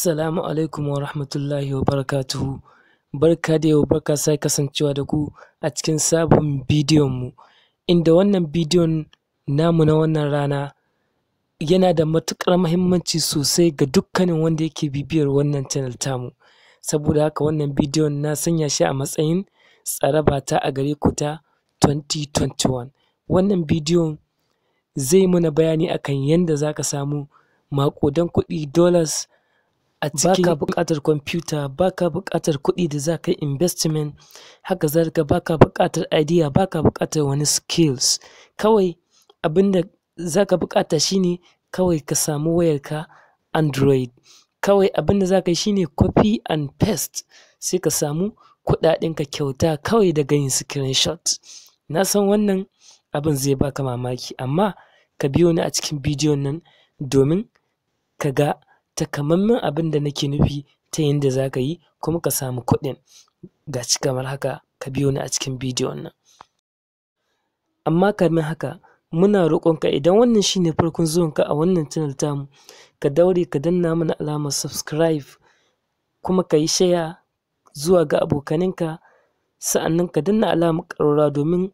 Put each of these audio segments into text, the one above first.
Assalamu alaikum wa rahmatullahi wa barakatuhu. Barka da yau barka sai kasancewa da ku a cikin sabon bidiyon mu. Inda wannan bidiyon namu na wannan rana yana da matukar mahimmanci sosai ga dukkanin wanda yake bibiyar wannan channel tamu. Saboda haka wannan bidiyon na sanya shi a matsayin tsaraba ta a gare ku ta 2021. Wannan bidiyon zai muna bayani akan yadda za ka samu maƙudan kuɗi dollars a cikin baka buƙatar kwamfuta baka buƙatar kuɗi da za ka yi investment haka zalika baka buƙatar idea baka buƙatar wani skills kawai abinda za ka buƙata shine kawai ka samu wayarka android kawai abinda za ka yi shine copy and paste sai ka samu ka kyauta kawai daga yin screenshot na san wannan abin zai baka mamaki amma ka biyo ni a cikin bidiyon nan domin ka ga takamaiman abin da nake nufi ta yadda za ka yi kuma ka samu kuɗin ga ci kamar haka ka biyo ni a cikin bidiyon nan. Amma kamin haka muna roƙonka idan wannan shi ne farkon zuwanka a wannan channel tamu ka daure ka danna mana alamar subscribe kuma ka yi shaya zuwa ga abokaninka sa'annan ka danna alamar ƙarora domin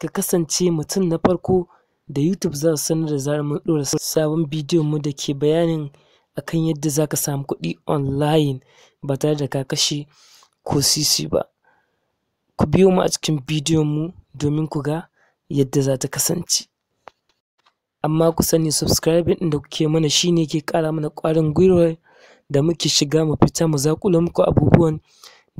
ka kasance mutum na farko da YouTube za su sanar da zarar mun ɗora sabon bidiyon mu da ke bayanin akan yadda za ka samu kuɗi online ba tare da ka kashe ko sisi ba. Ku biyo mu a cikin bidiyon mu domin ku ga yadda za ta kasance. Amma ku sani subscribing ɗin da kuke mana shine ke ƙara mana ƙwarin gwiwar da muke shiga mu fita mu zaƙulo muku abubuwan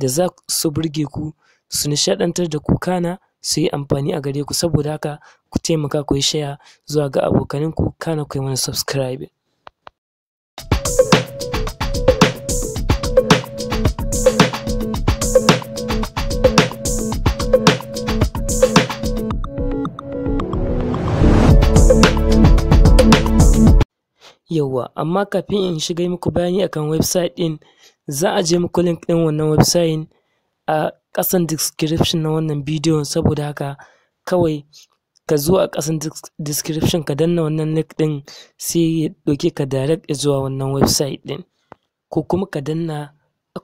da za su burge ku su nishaɗantar da ku kana su yi amfani a gare ku saboda haka ku taimaka ku yi shaya zuwa ga abokaninku kana ku yi mana subscribing. yawwa amma kafin in shiga muku bayani akan website din za a je muku link din wannan website a ƙasan description na wannan bidiyo saboda haka kawai ka zo a ƙasan description ka danna wannan link din sai ya ɗauke ka direct zuwa wannan website din ko kuma ka danna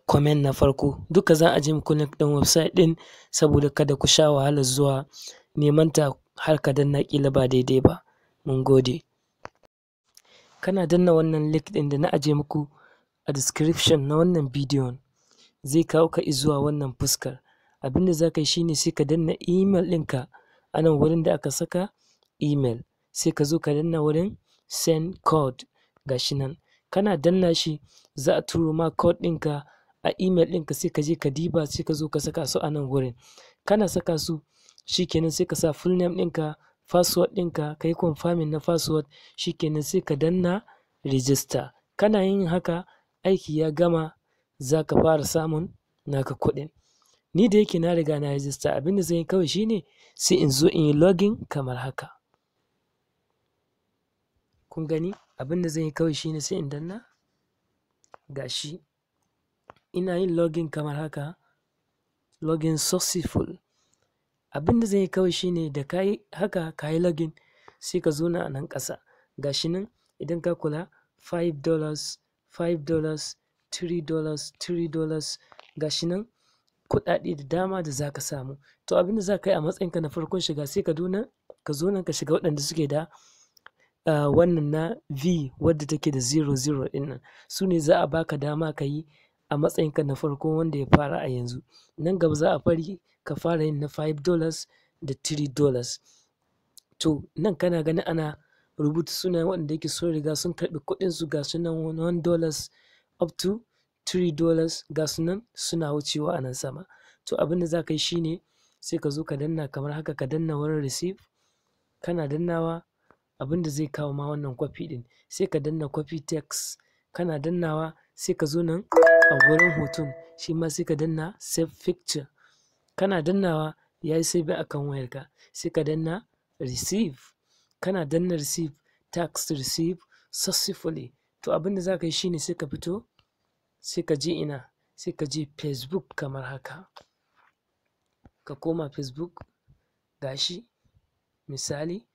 comment na farko duka za a je muku link din website din saboda kada ku sha wahala zuwa neman ta har ka danna kila ba daidai ba mun gode kana danna wannan link ɗin da na aje muku a description na wannan bidiyon zai kawo ka zuwa wannan fuskar abinda za ka yi shine sai ka danna email ɗinka a nan wurin da aka saka email sai ka zo ka danna wurin send code gashi nan kana danna shi za a turo ma code ɗinka a email ɗinka sai ka je ka diba sai ka zo ka saka su a nan wurin kana saka su shikenan sai ka sa full name ɗinka password ɗinka ka yi confirming na password shikenan sai ka danna register kana yin haka aiki ya gama za ka fara samun naka kuɗin ni da yake na riga na register abin da zan yi kawai shine sai in zo in yi login kamar haka kun gani abin da zan yi kawai shine sai in danna gashi ina yin login kamar haka login successful abin da zan yi kawai shine da ka haka ka yi login sai ka zo na nan ƙasa ga shi nan idan ka kula $5 $5 $3 $3 ga shi nan kuɗaɗe da dama da za ka samu to abin da za ka yi a matsayinka na farkon shiga sai ka duna ka zo nan ka shiga waɗanda suke da wannan na v wadda take da 00 ɗin nan su ne za a baka dama ka yi a matsayinka na farkon wanda ya fara a yanzu nan gaba za a fari ka fara yin na five dollars da three dollars to nan kana gani ana rubuta suna waɗanda yake sun riga sun karɓi kuɗinsu su ga sunan one dollars up to three dollars ga sunan suna wucewa a nan sama to abin za ka yi shine sai ka zo ka danna kamar haka ka danna wurin receive kana dannawa abin zai kawo ma wannan kwafi ɗin sai ka danna kwafi text kana dannawa sai ka zo nan a wurin hoton shi ma sai ka danna save picture kana dannawa ya yi sai akan wayarka sai ka danna receive kana danna receive tax receive successfully to abin da za ka yi shine sai ka fito sai ka je ina sai ka je facebook kamar haka ka koma facebook gashi misali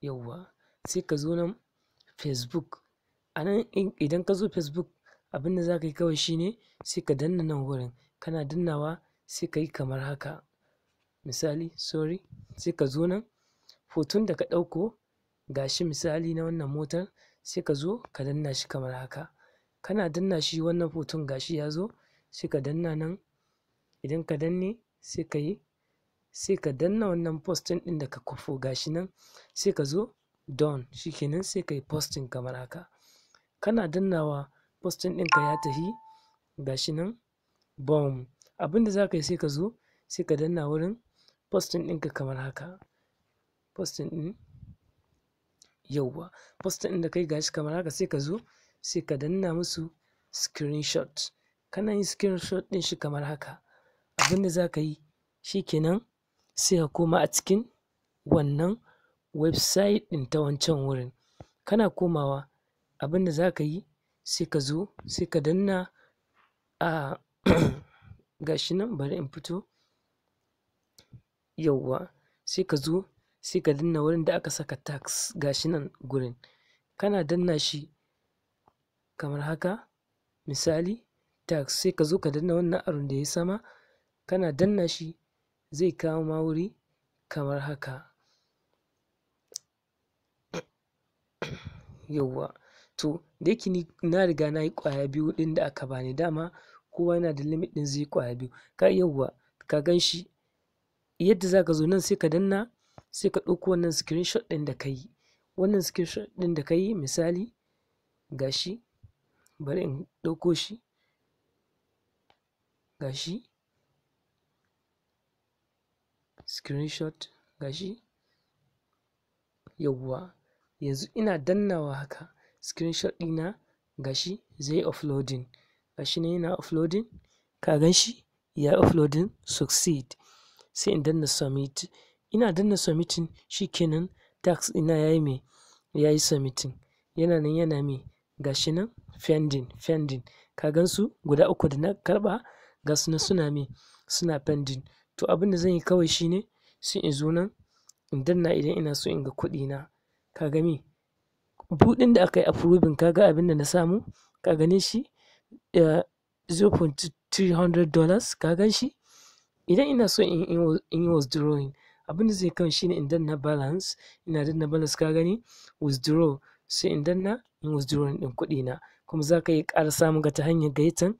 yauwa sai ka zo nan facebook a nan idan ka zo facebook abinda da za ka yi kawai shine sai ka danna nan wurin kana dannawa sai ka yi kamar haka misali sorry sai ka zo nan hoton da ka ɗauko gashi misali na wannan motar sai ka zo ka danna shi kamar haka kana danna shi wannan hoton gashi ya zo sai ka danna nan idan ka danne sai ka yi sai ka danna wannan postin ɗin da ka ga gashi nan sai ka zo don shi kenan sai ka yi postin kamar haka kana dannawa postin ɗinka ya tafi gashi nan bom abinda za ka yi sai ka zo sai ka danna wurin postin ɗinka kamar haka postin ɗin yauwa postin ɗin da kai gashi kamar haka sai ka zo sai ka danna musu screenshot kana yin screenshot ɗin shi kamar haka abinda za ka yi shikenan sai ka koma a cikin wannan website ɗin ta wancan wurin kana komawa abinda za ka yi sai ka zo sai ka danna a gashi nan bari in fito yawwa sai ka zo sai ka danna wurin da aka saka tax gashi nan gurin kana danna shi kamar haka misali tax sai ka zo ka danna wannan arun da ya sama kana danna shi zai kawo ma wuri kamar haka yawwa to da yake ni na riga na yi ƙwaya biyu ɗin da aka bani dama kowa yana da limit ɗin zai yi ƙwaya biyu ka yawwa ka gan shi yadda za ka zo nan sai ka danna sai ka ɗauko wannan screenshot ɗin da ka yi wannan screenshot ɗin da ka yi misali gashi bari in ɗauko shi gashi screenshot gashi yawwa yanzu ina dannawa haka screenshot ɗina gashi zai offloading gashi ne yana offloading ka ganshi shi ya offloading succeed sai in danna submit ina danna submitting shikenan tax ina yayi me yayi submitting yana nan yana me gashi nan pending pending ka gansu guda uku da na karba ga su suna me suna pending to abin da zan yi kawai shine sai in zo nan in danna idan ina so in ga kuɗi na ka ga me buɗin da aka yi approving ga abin da na samu ka gane shi 0.300 dollars ka gan shi idan ina so in yi withdrawing abin da zai kan ne in danna balance ina danna balance ka gani withdraw sai in danna in withdrawing din kuɗi na kuma za ka yi ƙara samun ga ta hanyar gaitan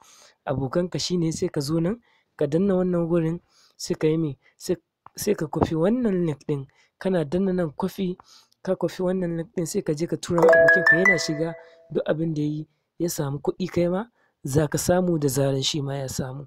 abokanka shine sai ka zo nan ka danna wannan wurin, sai ka yi mai sai ka kwafi wannan link ɗin? kana danna nan kwafi ka kwafi wannan link ɗin sai ka je ka tura wa ka yana shiga duk abin da ya yi ya samu kuɗi kai ma za ka samu da zaran shi ma ya samu